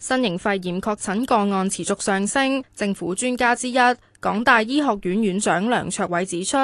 新型肺炎確診個案持續上升，政府專家之一、港大醫學院院長梁卓偉指出，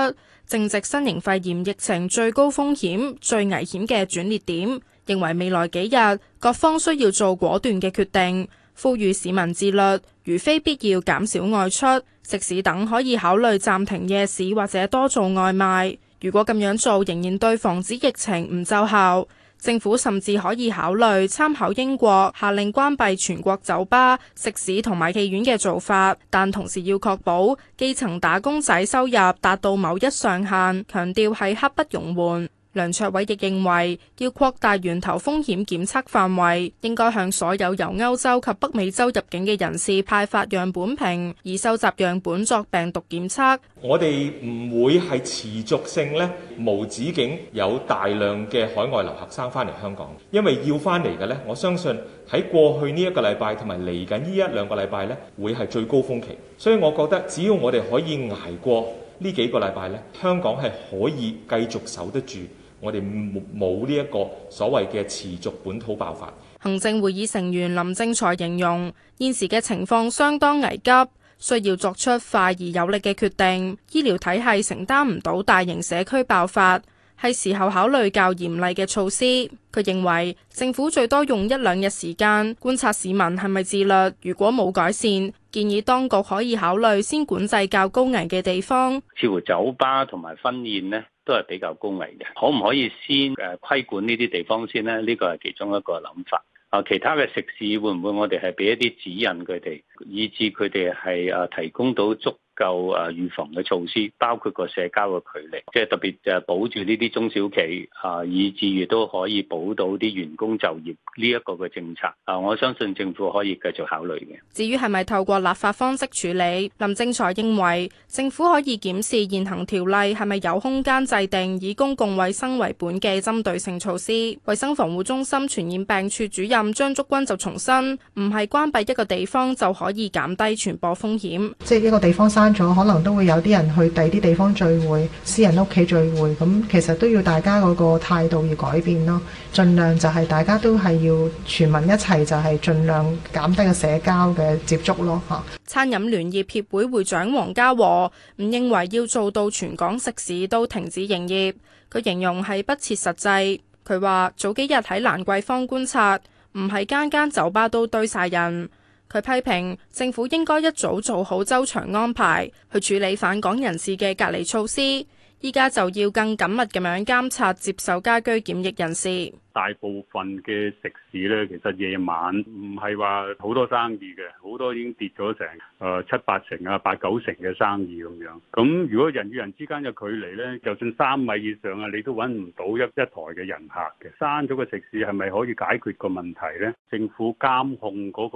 正值新型肺炎疫情最高風險、最危險嘅轉捩點，認為未來幾日各方需要做果斷嘅決定，呼籲市民自律，如非必要減少外出、食肆等可以考慮暫停夜市或者多做外賣。如果咁樣做，仍然對防止疫情唔奏效。政府甚至可以考慮參考英國下令關閉全國酒吧、食肆同埋戲院嘅做法，但同時要確保基層打工仔收入達到某一上限，強調係刻不容緩。梁卓偉亦認為，要擴大源頭風險檢測範圍，應該向所有由歐洲及北美洲入境嘅人士派發樣本瓶，以收集樣本作病毒檢測。我哋唔會係持續性咧，無止境有大量嘅海外留學生翻嚟香港，因為要翻嚟嘅咧，我相信喺過去呢一個禮拜同埋嚟緊呢一兩個禮拜咧，會係最高峰期。所以，我覺得只要我哋可以捱過呢幾個禮拜咧，香港係可以繼續守得住。我哋冇呢一個所謂嘅持續本土爆發。行政會議成員林正才形容現時嘅情況相當危急，需要作出快而有力嘅決定。醫療體系承擔唔到大型社區爆發，係時候考慮較嚴厲嘅措施。佢認為政府最多用一兩日時間觀察市民係咪自律，如果冇改善，建議當局可以考慮先管制較高危嘅地方，似乎酒吧同埋婚宴呢。都係比較高危嘅，可唔可以先誒規管呢啲地方先咧？呢個係其中一個諗法。啊，其他嘅食肆會唔會我哋係俾一啲指引佢哋，以致佢哋係誒提供到足。夠誒預防嘅措施，包括個社交嘅距離，即係特別就係保住呢啲中小企啊，以至於都可以保到啲員工就業呢一個嘅政策啊，我相信政府可以繼續考慮嘅。至於係咪透過立法方式處理，林正財認為政府可以檢視現行條例係咪有空間制定以公共衛生為本嘅針對性措施。衛生防護中心傳染病處主任張竹君就重申，唔係關閉一個地方就可以減低傳播風險，即係一個地方咗可能都會有啲人去第啲地方聚會、私人屋企聚會，咁其實都要大家嗰個態度要改變咯，盡量就係大家都係要全民一齊，就係、是、盡量減低個社交嘅接觸咯嚇。餐飲聯業協會會長黃家和唔認為要做到全港食肆都停止營業，佢形容係不切實際。佢話早幾日喺蘭桂坊觀察，唔係間間酒吧都堆晒人。佢批評政府應該一早做好周詳安排，去處理返港人士嘅隔離措施。依家就要更緊密咁樣監察接受家居檢疫人士。大部分嘅食肆呢，其實夜晚唔係話好多生意嘅，好多已經跌咗成誒七八成啊、八九成嘅生意咁樣。咁如果人與人之間嘅距離呢，就算三米以上啊，你都揾唔到一一台嘅人客嘅。閂咗個食肆係咪可以解決個問題呢？政府監控嗰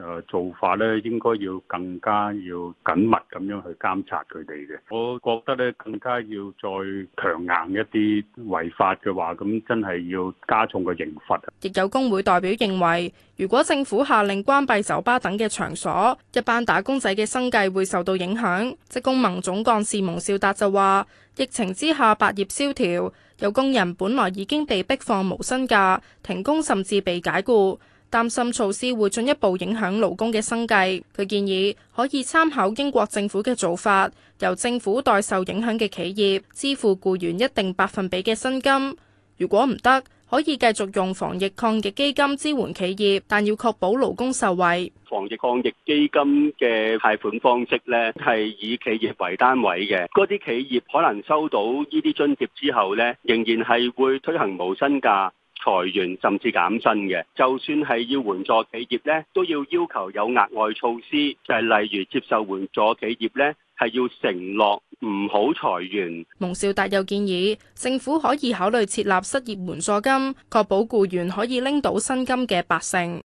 個做法呢，應該要更加要緊密咁樣去監察佢哋嘅。我覺得呢，更加要再強硬一啲違法嘅話，咁真係要，加重嘅刑罰。亦有工會代表認為，如果政府下令關閉酒吧等嘅場所，一班打工仔嘅生計會受到影響。職工盟總幹事蒙兆達就話疫情之下百業蕭條，有工人本來已經被逼放無薪假、停工，甚至被解僱，擔心措施會進一步影響勞工嘅生計，佢建議可以參考英國政府嘅做法，由政府代受影響嘅企業支付僱員一定百分比嘅薪金。如果唔得，可以繼續用防疫抗疫基金支援企業，但要確保勞工受惠。防疫抗疫基金嘅貸款方式咧，係以企業為單位嘅。嗰啲企業可能收到呢啲津貼之後咧，仍然係會推行無薪假、裁員甚至減薪嘅。就算係要援助企業咧，都要要求有額外措施，就係、是、例如接受援助企業咧，係要承諾。唔好裁員。蒙兆達又建議，政府可以考慮設立失業援助金，確保僱員可以拎到薪金嘅百姓。